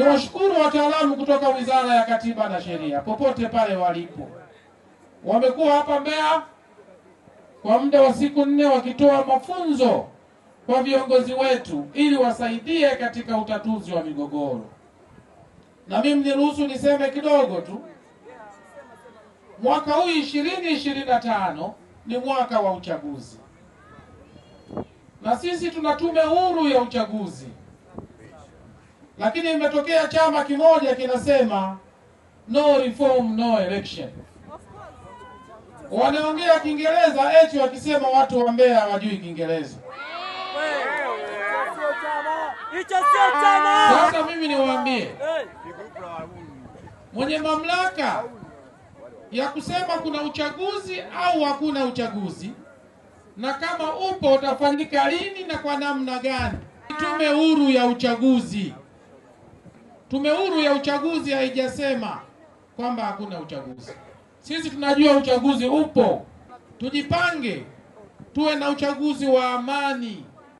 Ni washukuru wataalamu kutoka Wizara ya Katiba na Sheria popote pale walipo, wamekuwa hapa Mbeya kwa muda wa siku nne wakitoa mafunzo kwa viongozi wetu ili wasaidie katika utatuzi wa migogoro. Na mimi niruhusu niseme kidogo tu, mwaka huu ishirini ishirini na tano ni mwaka wa uchaguzi, na sisi tuna tume huru ya uchaguzi lakini imetokea chama kimoja kinasema no reform no election. Wanaongea Kiingereza eti wakisema watu wa Mbeya hawajui Kiingereza. Sasa mimi niwaambie, mwenye mamlaka ya kusema kuna uchaguzi au hakuna uchaguzi, na kama upo utafanyika lini na kwa namna gani, tume huru ya uchaguzi Tume huru ya uchaguzi haijasema kwamba hakuna uchaguzi. Sisi tunajua uchaguzi upo, tujipange, tuwe na uchaguzi wa amani.